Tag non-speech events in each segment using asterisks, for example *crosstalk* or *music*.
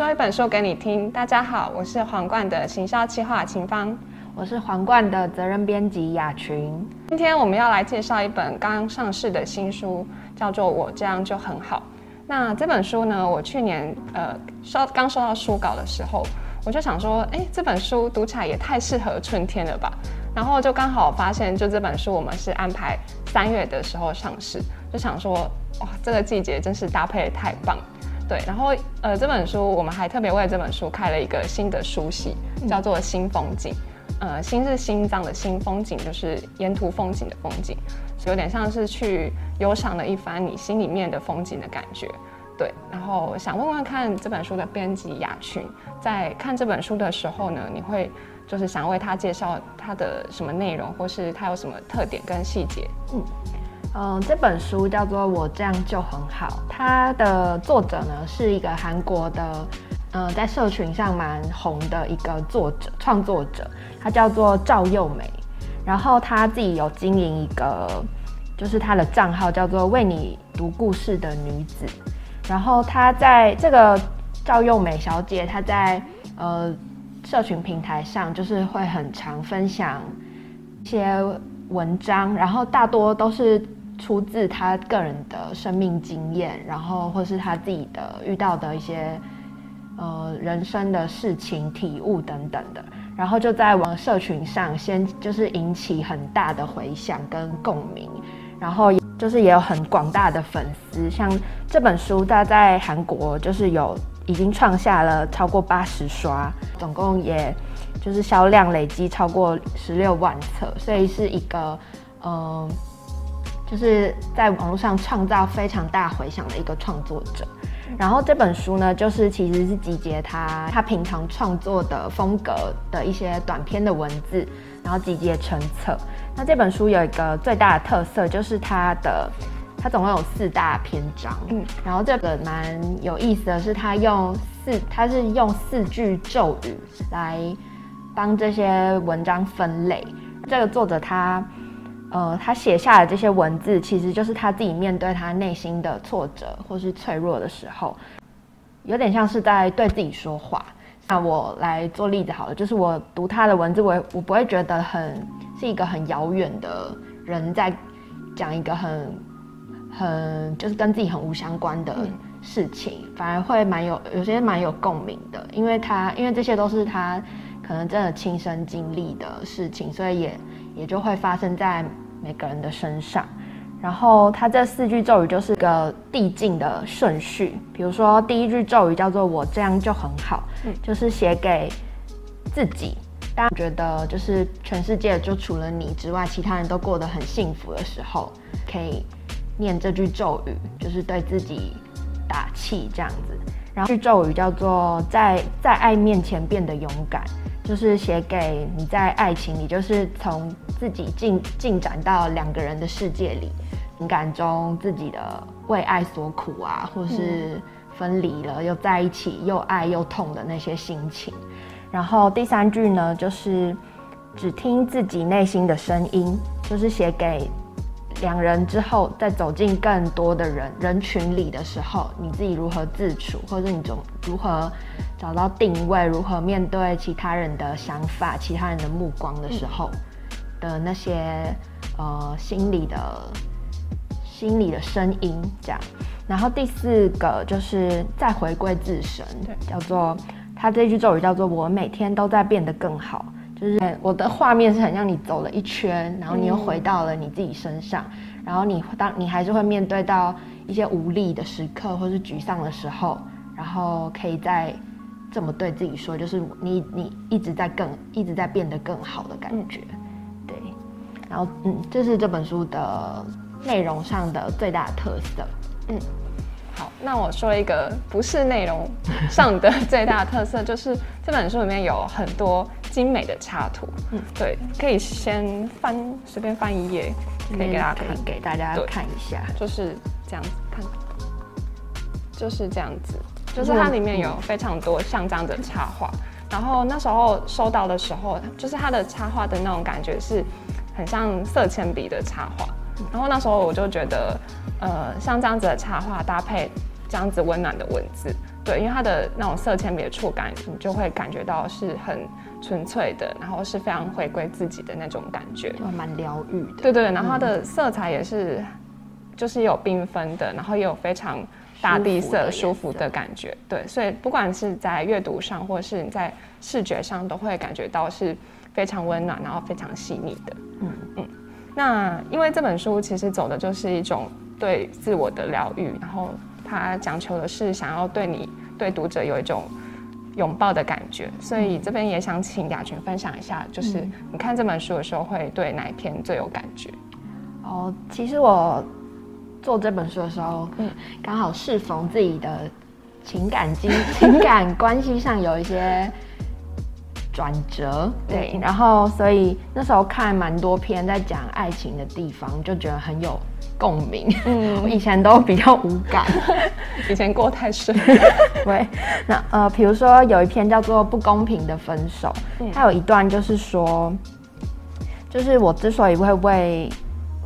說一本書給你聽。大家好，我是皇冠的行銷企劃秦芳，我是皇冠的責任編輯雅群。今天我們要來介紹一本剛上市的新書，叫做《我這樣就很好》。那這本書呢，我去年呃收剛收到書稿的時候，我就想說，哎，這本書讀起來也太適合春天了吧。然後就剛好發現，就這本書我們是安排三月的時候上市，就想說，哇、哦，這個季節真是搭配得太棒。對，然後。呃，這本書我們還特別為這本書開了一個新的書系，嗯、叫做《心風景》。呃，心是心臟的心，風景，就是沿途風景的風景，有點像是去悠賞了一番你心裡面的風景的感覺。對，然後想問問看這本書的編輯雅群，在看這本書的時候呢，你會就是想為他介紹他的什麼內容，或是他有什麼特點跟細節？嗯。嗯、呃，這本書叫做《我這樣就很好》，它的作者呢是一個韓國的，呃，在社群上蠻紅的一個作者、創作者，她叫做趙又美。然後她自己有經營一個，就是她的賬號叫做“為你讀故事的女子”。然後她在這個趙又美小姐，她在呃社群平台上就是會很常分享一些文章，然後大多都是。出自他個人的生命經驗，然後或是他自己的遇到的一些呃人生的事情體悟等等的，然後就在我們社群上先就是引起很大的回響跟共鳴，然後就是也有很廣大的粉絲。像這本書，大概在韓國就是有已經創下了超過八十刷，總共也就是銷量累積超過十六萬冊，所以是一個嗯。呃就是在網絡上創造非常大回響的一個創作者，然後這本書呢，就是其實是集結他他平常創作的風格的一些短篇的文字，然後集結成冊。那這本書有一個最大的特色，就是它的它總共有四大篇章，嗯，然後這個蠻有意思的是，他用四他是用四句咒語來幫這些文章分類。這個作者他。呃、嗯，他寫下的這些文字，其實就是他自己面對他內心的挫折或是脆弱的時候，有點像是在對自己說話。那我來做例子好了，就是我讀他的文字，我我不會覺得很是一個很遙遠的人在講一個很很就是跟自己很無相關的事情，嗯、反而會蠻有有些蠻有共鳴的，因為他因為這些都是他可能真的親身經歷的事情，所以也。也就會發生在每個人的身上。然後，他這四句咒語就是一個遞進的順序。比如說，第一句咒語叫做“我這樣就很好”，就是寫給自己。當我覺得就是全世界就除了你之外，其他人都過得很幸福的時候，可以念這句咒語，就是對自己打氣這樣子。然後，句咒語叫做“在在愛面前變得勇敢”。就是寫給你在愛情裡，就是從自己進進展到兩個人的世界裡，情感中自己的為愛所苦啊，或是分離了又在一起，又愛又痛的那些心情。然後第三句呢，就是只聽自己內心的聲音，就是寫給。兩人之後再走進更多的人人群裡的時候，你自己如何自處，或者你總如何找到定位，如何面對其他人的想法、其他人的目光的時候的那些呃心理的、心理的聲音，這樣。然後第四個就是再回歸自身，叫做他這句咒語叫做“我每天都在變得更好”。就是我的畫面是很像你走了一圈，然後你又回到了你自己身上，嗯、然後你當你還是會面對到一些無力的時刻或是沮喪的時候，然後可以再這麼對自己說，就是你你一直在更一直在變得更好的感覺，嗯、對，然後嗯，這是這本書的內容上的最大的特色，嗯，好，那我說一個不是內容上的最大的特色， *laughs* 就是這本書裡面有很多。精美的插圖，嗯，對，可以先翻，隨便翻一頁，這邊，可以給大家看，給大家看一下，就是這樣子看，就是這樣子，嗯，就是它裡面有非常多像這樣子的插畫，嗯，然後那時候收到的時候，就是它的插畫的那種感覺是很像色鉛筆的插畫，然後那時候我就覺得，呃，像這樣子的插畫搭配這樣子溫暖的文字。對，因為它的那種色鉛筆的觸感，你就會感覺到是很純粹的，然後是非常回歸自己的那種感覺，蠻療癒的。對，對對，然後它的色彩也是，就是有繽紛的，然後也有非常大地色舒服的感覺。對，所以不管是在閱讀上，或者是你在視覺上，都會感覺到是非常溫暖，然後非常細膩的。嗯嗯。那因為這本書其實走的就是一種對自我的療癒，然後它講求的是想要對你。對讀者有一種擁抱的感覺，所以這邊也想請雅群分享一下，就是你看這本書的時候，會對哪一篇最有感覺？嗯？哦，其實我做這本書的時候，嗯，剛好適逢自己的情感經 *laughs* 情感關係上有一些轉折，對，然後所以那時候看蠻多篇在講愛情的地方，就覺得很有。共鳴，嗯，我以前都比較無感，以前過太順了。喂， *laughs* 那呃，比如說有一篇叫做《不公平的分手》，嗯，它有一段就是說，就是我之所以會為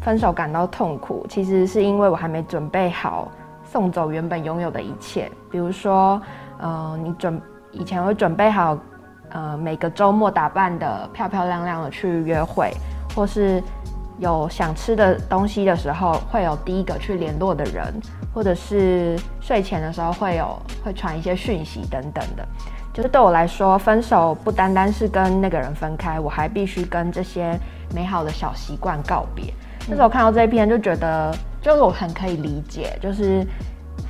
分手感到痛苦，其實是因為我還沒準備好送走原本擁有的一切。比如說，呃，你準以前會準備好，呃，每個周末打扮的漂漂亮亮的去約會，或是。有想吃的東西的時候，會有第一個去聯絡的人，或者是睡前的時候會有會傳一些訊息等等的。就是對我來說，分手不單單是跟那個人分開，我還必須跟這些美好的小習慣告別。嗯。那時候看到這一篇就覺得，就是我很可以理解，就是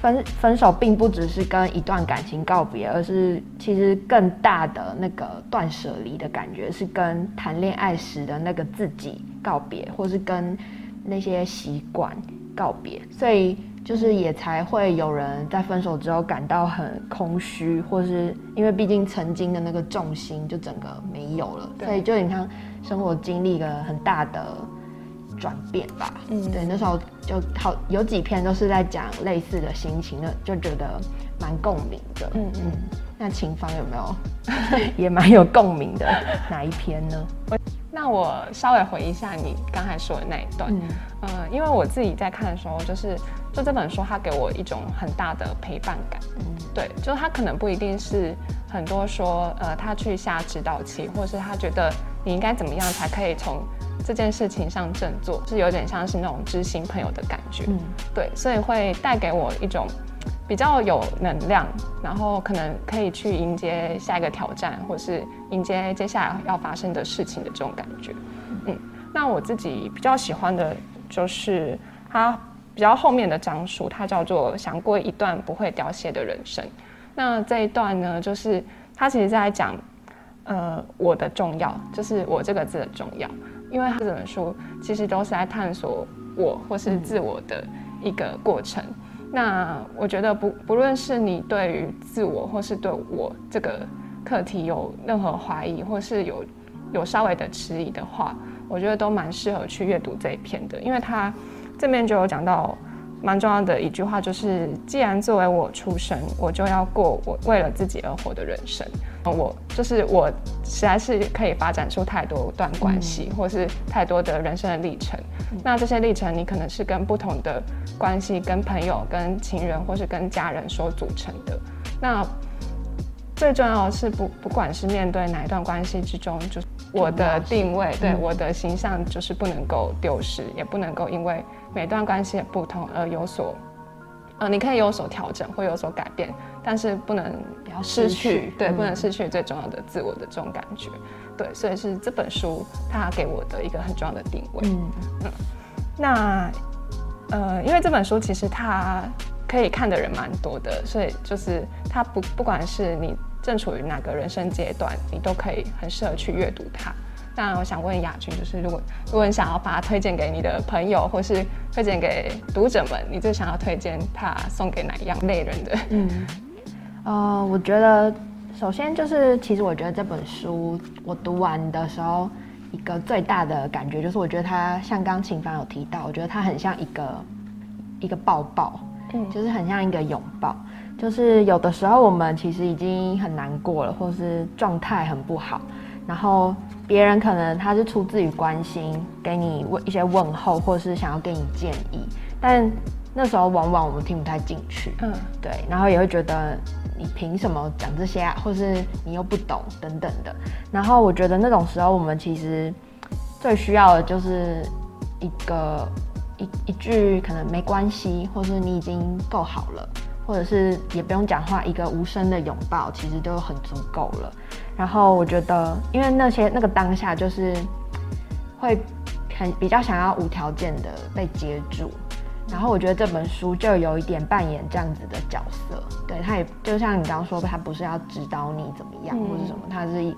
分分手並不只是跟一段感情告別，而是其實更大的那個斷捨離的感覺，是跟談戀愛時的那個自己告別，或是跟那些習慣告別，所以就是也才會有人在分手之後感到很空虛，或是因為畢竟曾經的那個重心就整個沒有了，對所以就你看生活經歷一個很大的轉變吧。嗯，對，那時候就好有幾篇都是在講類似的心情的，就覺得蠻共鳴的。嗯嗯。嗯那秦芳有沒有 *laughs* 也蠻有共鳴的 *laughs* 哪一篇呢？我那我稍微回憶一下你剛才說的那一段，嗯、呃，因為我自己在看的時候，就是就這本書，它給我一種很大的陪伴感。嗯，對，就是他可能不一定是很多說，呃，他去下指導棋，或是他覺得你應該怎麼樣才可以從這件事情上振作，就是有點像是那種知心朋友的感覺。嗯，對，所以會帶給我一種。比較有能量，然後可能可以去迎接下一個挑戰，或是迎接接下來要發生的事情的這種感覺。嗯，嗯，那我自己比較喜歡的就是他比較後面的講述，它叫做“想過一段不會凋謝的人生”。那這一段呢，就是他其實是在講，呃，我的重要，就是我這個字的重要，因為他這本書其實都是在探索我或是自我的一個過程。嗯。那我覺得不不論是你對於自我或是對我這個課題有任何懷疑，或是有有稍微的遲疑的話，我覺得都蠻適合去閱讀這一篇的，因為他這邊就有講到蠻重要的一句話，就是既然作為我出生，我就要過我為了自己而活的人生。我就是我，實在是可以發展出太多段關係，嗯、或是太多的人生的歷程。嗯、那這些歷程，你可能是跟不同的關係、嗯、跟朋友、跟情人，或是跟家人所組成的。那最重要的是不，不管是面對哪一段關係之中，就是、我的定位，嗯、對我的形象，就是不能夠丟失，也不能夠因為每段關係不同而有所。呃、你可以有所調整，會有所改變，但是不能失去，去對，嗯、不能失去最重要的自我的這種感覺，對，所以是這本書它給我的一個很重要的定位。嗯，嗯，那呃，因為這本書其實它可以看的人蠻多的，所以就是它不不管是你正處於哪個人生階段，你都可以很適合去閱讀它。當然，我想問亞軍，就是如果如果你想要把它推薦給你的朋友，或是推薦給讀者們，你最想要推薦它送給哪一樣類人的？嗯，呃，我覺得首先就是，其實我覺得這本書我讀完的時候，一個最大的感覺就是，我覺得它像剛剛琴房有提到，我覺得它很像一個一個抱抱，嗯，就是很像一個擁抱，就是有的時候我們其實已經很難過了，或是狀態很不好，然後。別人可能他是出自於關心，給你問一些問候，或者是想要給你建議，但那時候往往我們聽不太進去，嗯，對，然後也會覺得你憑什麼講這些啊，或是你又不懂等等的。然後我覺得那種時候，我們其實最需要的就是一個一一句可能沒關係，或是你已經夠好了，或者是也不用講話，一個無聲的擁抱，其實就很足夠了。然後我覺得，因為那些那個當下就是會很比較想要無條件的被接住，然後我覺得這本書就有一點扮演這樣子的角色，對，他也就像你剛剛說，他不是要指導你怎麼樣或是什麼，他是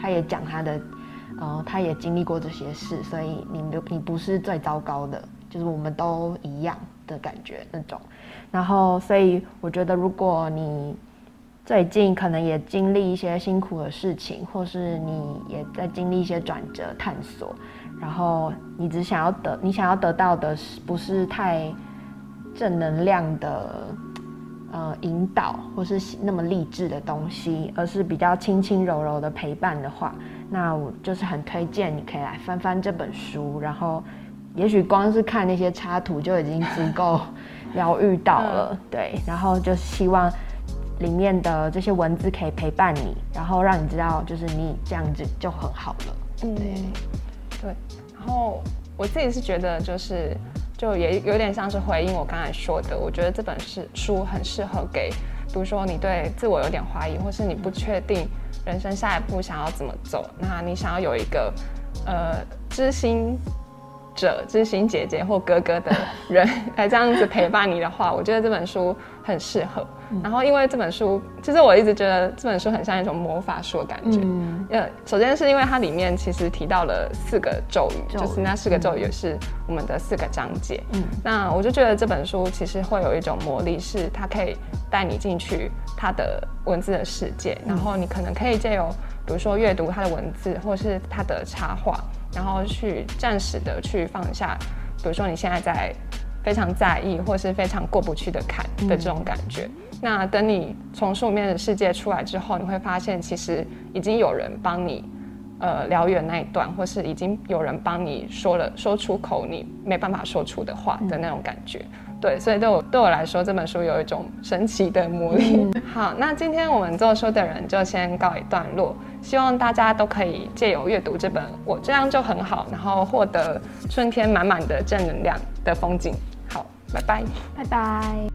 他也講他的，呃，他也經歷過這些事，所以你你不是最糟糕的，就是我們都一樣的感覺那種，然後所以我覺得如果你。最近可能也經歷一些辛苦的事情，或是你也在經歷一些轉折探索，然後你只想要得你想要得到的不是太正能量的呃引導，或是那麼勵志的東西，而是比較輕輕柔柔的陪伴的話，那我就是很推薦你可以來翻翻這本書，然後也許光是看那些插圖就已經足夠療癒到了， *laughs* 對，然後就希望。裡面的這些文字可以陪伴你，然後讓你知道，就是你這樣子就很好了。嗯，對。然後我自己是覺得，就是就也有點像是回應我剛才說的，我覺得這本書很適合給，比如說你對自我有點懷疑，或是你不確定人生下一步想要怎麼走，那你想要有一個呃知心者、知心姐姐或哥哥的人 *laughs* 來這樣子陪伴你的話，我覺得這本書。很適合，嗯、然後因為這本書，其實我一直覺得這本書很像一種魔法書的感覺。嗯，嗯，首先是因為它裡面其實提到了四個咒語，咒語就是那四個咒語也是我們的四個章節。嗯，那我就覺得這本書其實會有一種魔力，是它可以帶你進去它的文字的世界，嗯、然後你可能可以借由，比如說閱讀它的文字，或是它的插畫，然後去暫時的去放下，比如說你現在在。非常在意或是非常過不去的坎的這種感覺，嗯、那等你從書裡面的世界出來之後，你會發現其實已經有人幫你，呃，療癒那一段，或是已經有人幫你說了說出口你沒辦法說出的話的那種感覺。嗯、對，所以對我對我來說，這本書有一種神奇的魔力。嗯、好，那今天我們做書的人就先告一段落，希望大家都可以借由閱讀這本《我這樣就很好》，然後獲得春天滿滿的正能量的風景。拜拜，拜拜。